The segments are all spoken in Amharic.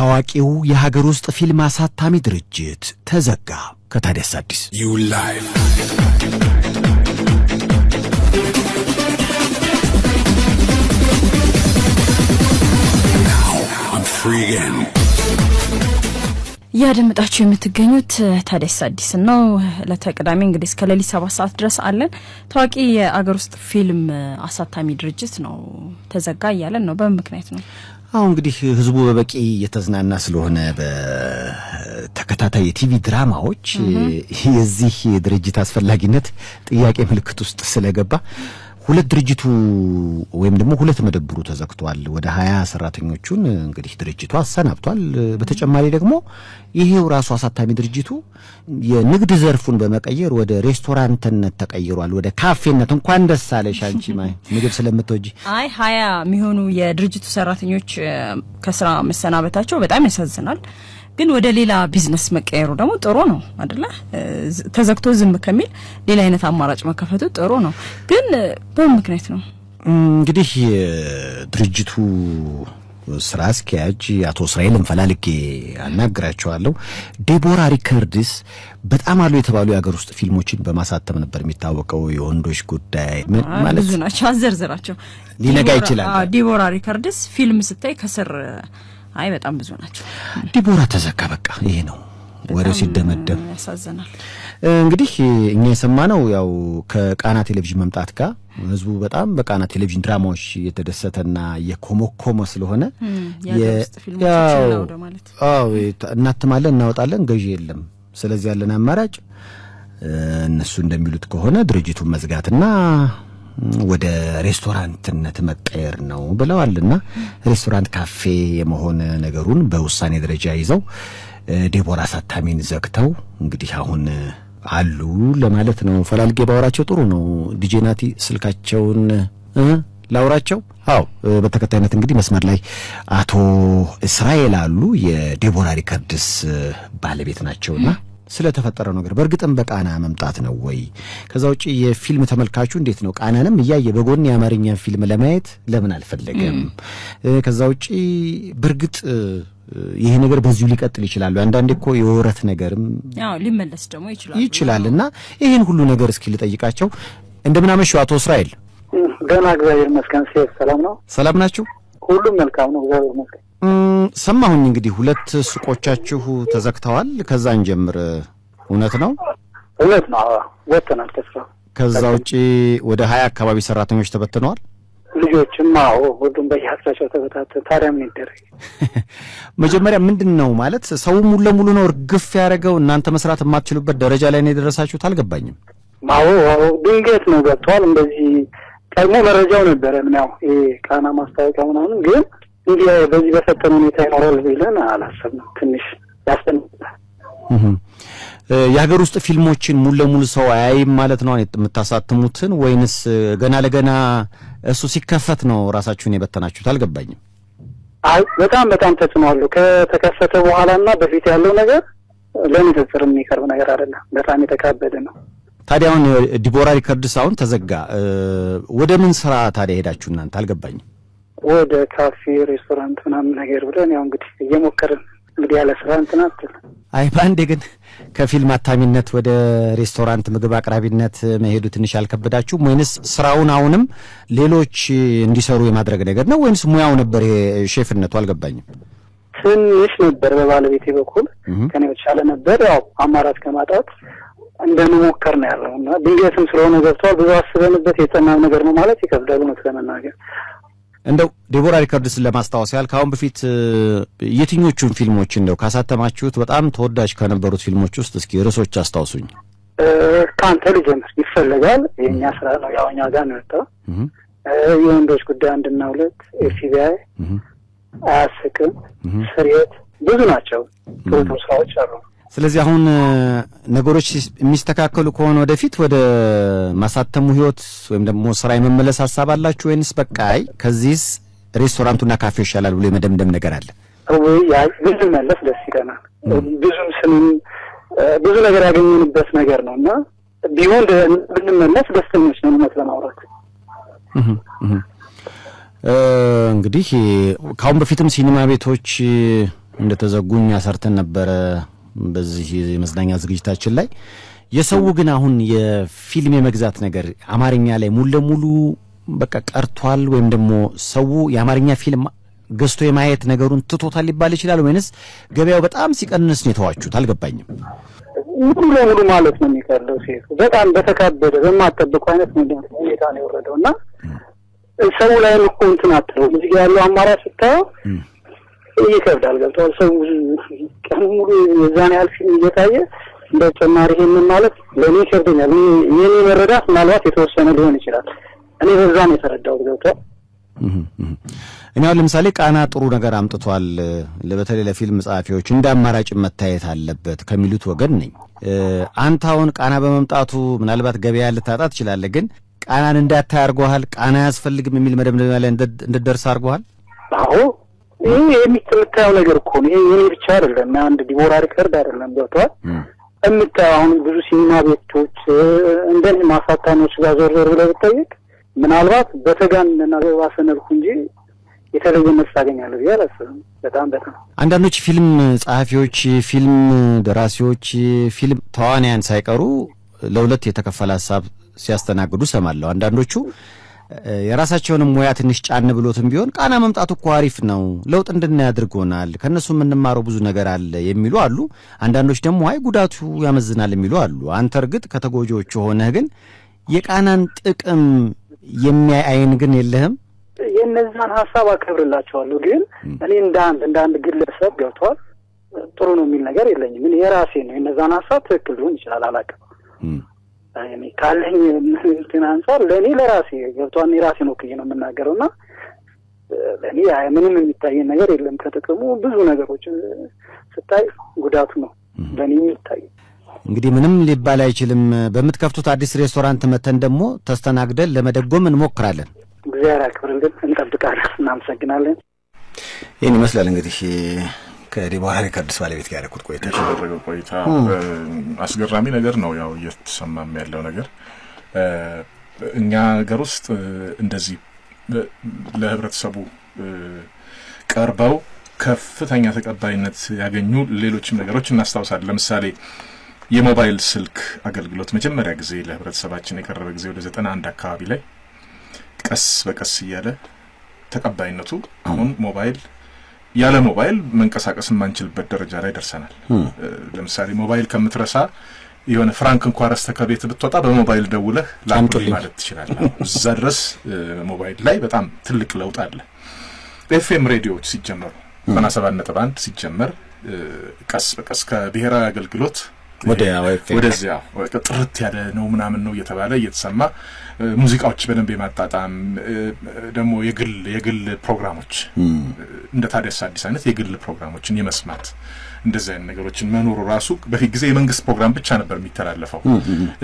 ታዋቂው የሀገር ውስጥ ፊልም አሳታሚ ድርጅት ተዘጋ። ከታዲያስ አዲስ እያደመጣችሁ የምትገኙት ታዲያስ አዲስ ነው። ለተቀዳሚ እንግዲህ እስከ ሌሊት ሰባት ሰዓት ድረስ አለን። ታዋቂ የአገር ውስጥ ፊልም አሳታሚ ድርጅት ነው ተዘጋ እያለን ነው። በምን ምክንያት ነው? አሁን እንግዲህ ህዝቡ በበቂ የተዝናና ስለሆነ በተከታታይ የቲቪ ድራማዎች የዚህ ድርጅት አስፈላጊነት ጥያቄ ምልክት ውስጥ ስለገባ ሁለት ድርጅቱ ወይም ደግሞ ሁለት መደብሩ ተዘግቷል። ወደ ሀያ ሰራተኞቹን እንግዲህ ድርጅቱ አሰናብቷል። በተጨማሪ ደግሞ ይሄው ራሱ አሳታሚ ድርጅቱ የንግድ ዘርፉን በመቀየር ወደ ሬስቶራንትነት ተቀይሯል፣ ወደ ካፌነት። እንኳን ደስ አለሽ አንቺ ምግብ ስለምትወጂ። አይ ሀያ የሚሆኑ የድርጅቱ ሰራተኞች ከስራ መሰናበታቸው በጣም ያሳዝናል። ግን ወደ ሌላ ቢዝነስ መቀየሩ ደግሞ ጥሩ ነው አይደለ? ተዘግቶ ዝም ከሚል ሌላ አይነት አማራጭ መከፈቱ ጥሩ ነው። ግን በምን ምክንያት ነው እንግዲህ ድርጅቱ ስራ አስኪያጅ አቶ እስራኤል እንፈላልጌ አናግራቸዋለሁ። ዴቦራ ሪከርድስ በጣም አሉ የተባሉ የሀገር ውስጥ ፊልሞችን በማሳተም ነበር የሚታወቀው። የወንዶች ጉዳይ ማለት ብዙ ናቸው፣ አዘርዝራቸው ሊነጋ ይችላል። ዴቦራ ሪከርድስ ፊልም ስታይ ከስር አይ በጣም ብዙ ናቸው። ዲቦራ ተዘጋ። በቃ ይሄ ነው ወሬው ሲደመደም ያሳዝናል። እንግዲህ እኛ የሰማነው ያው ከቃና ቴሌቪዥን መምጣት ጋር ህዝቡ በጣም በቃና ቴሌቪዥን ድራማዎች እየተደሰተና እየኮመኮመ ስለሆነ እናትማለን፣ እናወጣለን፣ ገዢ የለም። ስለዚህ ያለን አማራጭ እነሱ እንደሚሉት ከሆነ ድርጅቱን መዝጋትና ወደ ሬስቶራንትነት መቀየር ነው ብለዋል። ሬስቶራንት ካፌ የመሆን ነገሩን በውሳኔ ደረጃ ይዘው ዴቦራ አሳታሚን ዘግተው እንግዲህ አሁን አሉ ለማለት ነው። ፈላልጌ ባወራቸው ጥሩ ነው። ዲጄ ናቲ ስልካቸውን ላውራቸው። አዎ፣ በተከታይነት እንግዲህ መስመር ላይ አቶ እስራኤል አሉ የዴቦራ ሪከርድስ ባለቤት ናቸውና ስለተፈጠረው ነገር በእርግጥም በቃና መምጣት ነው ወይ? ከዛ ውጭ የፊልም ተመልካቹ እንዴት ነው? ቃናንም እያየ በጎን የአማርኛ ፊልም ለማየት ለምን አልፈለገም? ከዛ ውጭ በእርግጥ ይሄ ነገር በዚሁ ሊቀጥል ይችላል። አንዳንዴ እኮ የወረት ነገርም ሊመለስ ደግሞ ይችላል ይችላል እና ይህን ሁሉ ነገር እስኪ ልጠይቃቸው። እንደምናመሽው አቶ እስራኤል? ደህና እግዚአብሔር ይመስገን። ሰላም ነው። ሰላም ናችሁ? ሁሉም መልካም ነው። እግዚአብሔር ይመስገን። ሰማሁኝ እንግዲህ ሁለት ሱቆቻችሁ ተዘግተዋል። ከዛ እንጀምር። እውነት ነው? እውነት ነው። ወጥተናል ተስፋ። ከዛ ውጪ ወደ ሀያ አካባቢ ሰራተኞች ተበትነዋል። ልጆችም አዎ፣ ሁሉም በየአቅጣጫው ተበታተን። ታዲያ ምን ይደረግ። መጀመሪያ ምንድን ነው ማለት ሰው ሙሉ ለሙሉ ነው እርግፍ ያደረገው። እናንተ መስራት የማትችሉበት ደረጃ ላይ ነው የደረሳችሁት። አልገባኝም። አዎ ድንገት ነው ገብተዋል እንደዚህ ደግሞ መረጃው ነበረ ምን ያው ምናው ቃና ማስታወቂያ ምናምን ግን እንዲህ በዚህ በፈጠነ ሁኔታ ይኖራል ብለን አላሰብንም። ትንሽ ያስጠንቅቃል። የሀገር ውስጥ ፊልሞችን ሙሉ ለሙሉ ሰው አያይም ማለት ነው የምታሳትሙትን፣ ወይንስ ገና ለገና እሱ ሲከፈት ነው ራሳችሁን የበተናችሁት? አልገባኝም። አይ በጣም በጣም ተጽዕኖ ከተከፈተ በኋላ ና በፊት ያለው ነገር ለንጽጽር የሚቀርብ ነገር አይደለም። በጣም የተካበደ ነው። ታዲያ አሁን ዲቦራ ሪከርድስ አሁን ተዘጋ። ወደ ምን ስራ ታዲያ ሄዳችሁ እናንተ? አልገባኝም። ወደ ካፌ ሬስቶራንት ምናምን ነገር ብለን ያው እንግዲህ እየሞከርን እንግዲህ ያለ ስራ እንትና አይ በአንዴ ግን ከፊልም አታሚነት ወደ ሬስቶራንት ምግብ አቅራቢነት መሄዱ ትንሽ አልከበዳችሁም ወይንስ ስራውን አሁንም ሌሎች እንዲሰሩ የማድረግ ነገር ነው ወይንስ ሙያው ነበር ሼፍነቱ? አልገባኝም። ትንሽ ነበር በባለቤቴ በኩል ከኔ የተሻለ ነበር። ያው አማራጭ ከማጣት እንደመሞከር ነው ያለው እና ድንገትም ስለሆነ ገብተዋል። ብዙ አስበንበት የጠናው ነገር ነው ማለት ይከብዳል እውነት ለመናገር እንደው ዴቦራ ሪከርድስን ለማስታወስ ያህል ከአሁን በፊት የትኞቹን ፊልሞች እንደው ካሳተማችሁት በጣም ተወዳጅ ከነበሩት ፊልሞች ውስጥ እስኪ ርዕሶች አስታውሱኝ። ከአንተ ልጀምር ይፈለጋል የእኛ ስራ ነው ያው እኛ ጋር ነው የወጣው። የወንዶች ጉዳይ አንድና ሁለት፣ ኤፍቢአይ፣ አያስቅም፣ ስርየት ብዙ ናቸው። ጥሩ ስራዎች አሉ። ስለዚህ አሁን ነገሮች የሚስተካከሉ ከሆነ ወደፊት ወደ ማሳተሙ ህይወት ወይም ደግሞ ስራ የመመለስ ሀሳብ አላችሁ ወይንስ በቃ አይ ከዚህስ ሬስቶራንቱና ካፌ ይሻላል ብሎ የመደምደም ነገር አለ? ብዙ መለስ ደስ ይለናል። ብዙም ስምም ብዙ ነገር ያገኘንበት ነገር ነው እና ቢሆን ብንመለስ ደስተኞች ነው እውነት ለማውራት እንግዲህ ከአሁን በፊትም ሲኒማ ቤቶች እንደተዘጉኝ ሰርተን ነበረ። በዚህ የመዝናኛ ዝግጅታችን ላይ የሰው ግን አሁን የፊልም የመግዛት ነገር አማርኛ ላይ ሙሉ ለሙሉ በቃ ቀርቷል፣ ወይም ደግሞ ሰው የአማርኛ ፊልም ገዝቶ የማየት ነገሩን ትቶታል ሊባል ይችላል ወይንስ ገበያው በጣም ሲቀንስ ነው የተዋችሁት? አልገባኝም። ሙሉ ለሙሉ ማለት ነው የሚቀርለው ሴቱ በጣም በተካበደ በማጠብቀው አይነት ሁኔታ ነው የወረደው እና ሰው ላይ እኮ እንትን አትለው እዚህ ያለው አማራጭ ስታየው ይከብዳል። ገብተዋል። ሰው ቀን ሙሉ የዛን ያህል ፊልም እየታየ እንደ ጨማሪ ይሄንን ማለት ለእኔ ይከብደኛል። የእኔ መረዳት ምናልባት የተወሰነ ሊሆን ይችላል። እኔ በዛ ነው የተረዳሁት። ገብተዋል። እኔ አሁን ለምሳሌ ቃና ጥሩ ነገር አምጥቷል፣ በተለይ ለፊልም ጸሐፊዎች እንደ አማራጭ መታየት አለበት ከሚሉት ወገን ነኝ። አንተ አሁን ቃና በመምጣቱ ምናልባት ገበያ ልታጣ ትችላለህ፣ ግን ቃናን እንዳታይ አድርጎሃል። ቃና አያስፈልግም የሚል መደምደሚያ ላይ እንድትደርስ አድርጎሃል። አዎ ይህ የምታየው ነገር እኮ ነው። ይሄ የኔ ብቻ አይደለም፣ አንድ ዲቦራ ሪከርድ አይደለም። ገብተዋል የምታየው አሁን ብዙ ሲኒማ ቤቶች እንደኔ ማሳታሚዎች ጋር ዞር ዞር ብለህ ብጠይቅ ምናልባት በተጋነና ባሰነልኩ እንጂ የተለየ መልስ ታገኛለህ ብዬ አላስብም። በጣም በጣም አንዳንዶች ፊልም ጸሐፊዎች፣ ፊልም ደራሲዎች፣ ፊልም ተዋንያን ሳይቀሩ ለሁለት የተከፈለ ሀሳብ ሲያስተናግዱ ሰማለሁ። አንዳንዶቹ የራሳቸውንም ሙያ ትንሽ ጫን ብሎትም ቢሆን ቃና መምጣቱ እኮ አሪፍ ነው፣ ለውጥ እንድናይ አድርጎናል፣ ከእነሱ የምንማረው ብዙ ነገር አለ የሚሉ አሉ። አንዳንዶች ደግሞ አይ ጉዳቱ ያመዝናል የሚሉ አሉ። አንተ እርግጥ ከተጎጂዎቹ ሆነህ ግን የቃናን ጥቅም የሚያይ አይን ግን የለህም። የእነዛን ሀሳብ አከብርላቸዋለሁ፣ ግን እኔ እንደ አንድ እንደ አንድ ግለሰብ ገብቷል ጥሩ ነው የሚል ነገር የለኝም። የራሴ ነው የነዛን ሀሳብ ትክክል ሊሆን ይችላል አላውቅም። ካለኝ እንትን አንጻር ለእኔ ለራሴ ገብቷን ነው ወክዬ ነው የምናገረው እና ለእኔ ምንም የሚታየን ነገር የለም። ከጥቅሙ ብዙ ነገሮች ስታይ ጉዳቱ ነው ለእኔ የሚታይ። እንግዲህ ምንም ሊባል አይችልም። በምትከፍቱት አዲስ ሬስቶራንት መተን ደግሞ ተስተናግደን ለመደጎም እንሞክራለን። እግዚአብሔር ያክብርልን። እንጠብቃለን። እናመሰግናለን። ይህን ይመስላል እንግዲህ ከዲቦራ ሪከርድስ ባለቤት ጋር ያደረኩት ቆይታ ያደረገው ቆይታ አስገራሚ ነገር ነው። ያው እየተሰማም ያለው ነገር እኛ ሀገር ውስጥ እንደዚህ ለህብረተሰቡ ቀርበው ከፍተኛ ተቀባይነት ያገኙ ሌሎችም ነገሮች እናስታውሳለን። ለምሳሌ የሞባይል ስልክ አገልግሎት መጀመሪያ ጊዜ ለህብረተሰባችን የቀረበ ጊዜ ወደ ዘጠና አንድ አካባቢ ላይ ቀስ በቀስ እያለ ተቀባይነቱ አሁን ሞባይል ያለ ሞባይል መንቀሳቀስ የማንችልበት ደረጃ ላይ ደርሰናል። ለምሳሌ ሞባይል ከምትረሳ የሆነ ፍራንክ እንኳ ረስተ ከቤት ብትወጣ በሞባይል ደውለህ ላምጡል ማለት ትችላለህ። እዛ ድረስ ሞባይል ላይ በጣም ትልቅ ለውጥ አለ። ኤፍኤም ሬዲዮዎች ሲጀመሩ ዘጠና ሰባት ነጥብ አንድ ሲጀመር ቀስ በቀስ ከብሔራዊ አገልግሎት ወደዚያ ጥርት ያለ ነው ምናምን ነው እየተባለ እየተሰማ ሙዚቃዎች በደንብ የማጣጣም ደግሞ የግል የግል ፕሮግራሞች እንደ ታዲያስ አዲስ አይነት የግል ፕሮግራሞችን የመስማት እንደዚህ አይነት ነገሮችን መኖሩ ራሱ በፊት ጊዜ የመንግስት ፕሮግራም ብቻ ነበር የሚተላለፈው።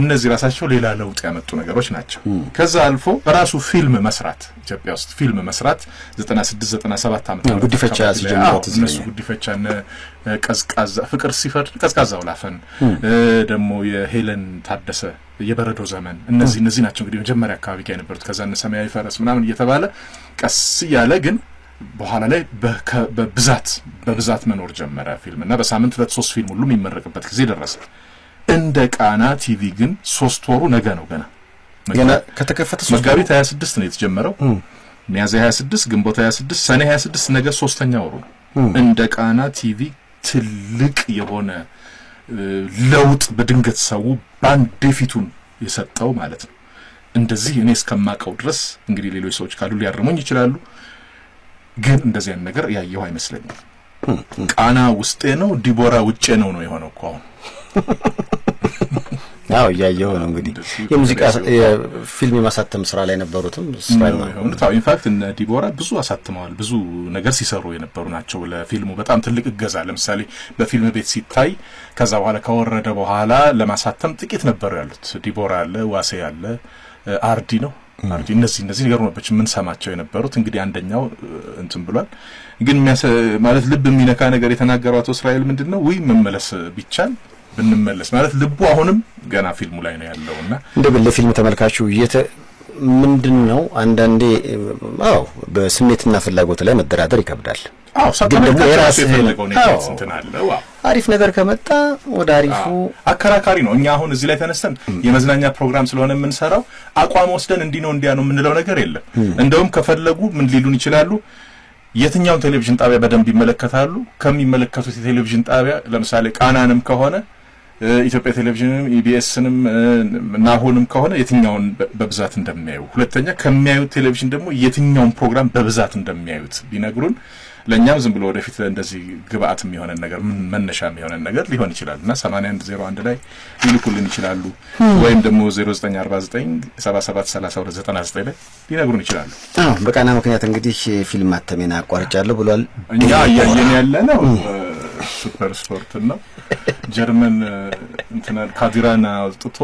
እነዚህ ራሳቸው ሌላ ለውጥ ያመጡ ነገሮች ናቸው። ከዛ አልፎ በራሱ ፊልም መስራት ኢትዮጵያ ውስጥ ፊልም መስራት 96 97 ዓመት ጉዲፈቻ ሲጀምሩት እነሱ ጉዲፈቻ ነ ቀዝቃዛ ፍቅር ሲፈርድ ቀዝቃዛው ላፈን ደግሞ የሄለን ታደሰ የበረዶ ዘመን እነዚህ እነዚህ ናቸው እንግዲህ መጀመሪያ አካባቢ ጋር የነበሩት ከዛ ሰማያዊ ፈረስ ምናምን እየተባለ ቀስ እያለ ግን በኋላ ላይ በብዛት በብዛት መኖር ጀመረ ፊልም እና በሳምንት ሁለት ሶስት ፊልም ሁሉ የሚመረቅበት ጊዜ ደረሰ። እንደ ቃና ቲቪ ግን ሶስት ወሩ ነገ ነው ገና ገና ከተከፈተ መጋቢት 26 ነው የተጀመረው። ሚያዝያ 26፣ ግንቦት 26፣ ሰኔ 26 ነገ ሶስተኛ ወሩ ነው። እንደ ቃና ቲቪ ትልቅ የሆነ ለውጥ በድንገት ሰው ባንዴ ፊቱን የሰጠው ማለት ነው። እንደዚህ እኔ እስከማቀው ድረስ እንግዲህ ሌሎች ሰዎች ካሉ ሊያርሙኝ ይችላሉ። ግን እንደዚያን ነገር ያየሁ አይመስለኝም። ቃና ውስጤ ነው፣ ዲቦራ ውጭ ነው ነው የሆነው እኮ አሁን ያው እያየሁ ነው እንግዲህ የሙዚቃ የፊልም የማሳተም ስራ ላይ ነበሩትም ስራ ኢንፋክት እነ ዲቦራ ብዙ አሳትመዋል። ብዙ ነገር ሲሰሩ የነበሩ ናቸው። ለፊልሙ በጣም ትልቅ እገዛ ለምሳሌ በፊልም ቤት ሲታይ ከዛ በኋላ ከወረደ በኋላ ለማሳተም ጥቂት ነበሩ ያሉት። ዲቦራ አለ፣ ዋሴ አለ፣ አርዲ ነው ማለት እነዚህ እነዚህ ነገር ነበች የምንሰማቸው የነበሩት። እንግዲህ አንደኛው እንትን ብሏል። ግን ማለት ልብ የሚነካ ነገር የተናገረው አቶ እስራኤል ምንድን ነው ውይ መመለስ ቢቻል ብንመለስ ማለት ልቡ አሁንም ገና ፊልሙ ላይ ነው ያለው እና እንደ ግለ ፊልም ተመልካቹ ምንድን ነው አንዳንዴ አዎ በስሜትና ፍላጎት ላይ መደራደር ይከብዳል። ግን ደግሞ የራስህ አሪፍ ነገር ከመጣ ወደ አሪፉ አከራካሪ ነው። እኛ አሁን እዚህ ላይ ተነስተን የመዝናኛ ፕሮግራም ስለሆነ የምንሰራው አቋም ወስደን እንዲህ ነው እንዲያ ነው የምንለው ነገር የለም። እንደውም ከፈለጉ ምን ሊሉን ይችላሉ? የትኛውን ቴሌቪዥን ጣቢያ በደንብ ይመለከታሉ? ከሚመለከቱት የቴሌቪዥን ጣቢያ ለምሳሌ ቃናንም ከሆነ ኢትዮጵያ ቴሌቪዥንም ኢቢኤስንም ናሆንም ከሆነ የትኛውን በብዛት እንደሚያዩ፣ ሁለተኛ ከሚያዩት ቴሌቪዥን ደግሞ የትኛውን ፕሮግራም በብዛት እንደሚያዩት ቢነግሩን ለእኛም ዝም ብሎ ወደፊት እንደዚህ ግብአት የሚሆነን ነገር መነሻ የሚሆነን ነገር ሊሆን ይችላል እና አንድ ላይ ሊልኩልን ይችላሉ ወይም ደግሞ ዘጠኝ ላይ ሊነግሩን ይችላሉ። በቃና ምክንያት እንግዲህ ፊልም አተሜና አቋርጫለሁ ብሏል። እኛ እያየን ያለ ነው ሱፐር ስፖርት ነው። ጀርመን እንትና ካዲራን አውጥቶ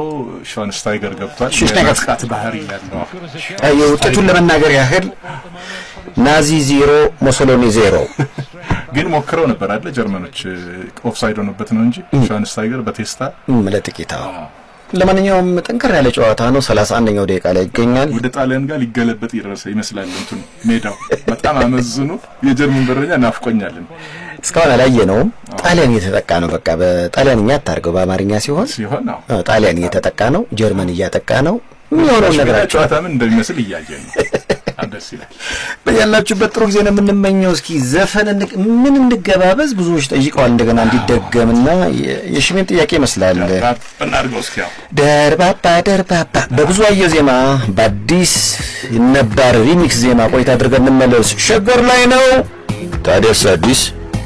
ሽዋንስታይገር ገብቷል። ሽዋንስታይገር ባህሪ ያለው የውጤቱን ለመናገር ያህል ናዚ ዜሮ ሞሶሎኒ ዜሮ ግን ሞክረው ነበር አለ ጀርመኖች ኦፍሳይድ ሆኖበት ነው እንጂ ሽዋንስታይገር በቴስታ ለጥቂት ለማንኛውም ጠንከር ያለ ጨዋታ ነው። ሰላሳ አንደኛው ደቂቃ ላይ ይገኛል። ወደ ጣሊያን ጋር ሊገለበጥ ይደረሰ ይመስላል። እንትኑ ሜዳው በጣም አመዝኑ። የጀርመን በረኛ ናፍቆኛልን እስካሁን አላየነውም። ጣሊያን እየተጠቃ ነው። በቃ በጣሊያንኛ አታርገው፣ በአማርኛ ሲሆን ሲሆን ጣሊያን እየተጠቃ ነው፣ ጀርመን እያጠቃ ነው። የሚሆነው ነገራቸው ጨዋታምን እንደሚመስል እያየ ነው። ያላችሁበት ጥሩ ጊዜ ነው የምንመኘው። እስኪ ዘፈን ምን እንገባበዝ? ብዙዎች ጠይቀዋል እንደገና እንዲደገምና የሽሜን ጥያቄ ይመስላል። ደርባባ ደርባባ በብዙ አየሁ ዜማ በአዲስ ነባር ሪሚክስ ዜማ ቆይታ አድርገን እንመለስ። ሸገር ላይ ነው ታዲያስ አዲስ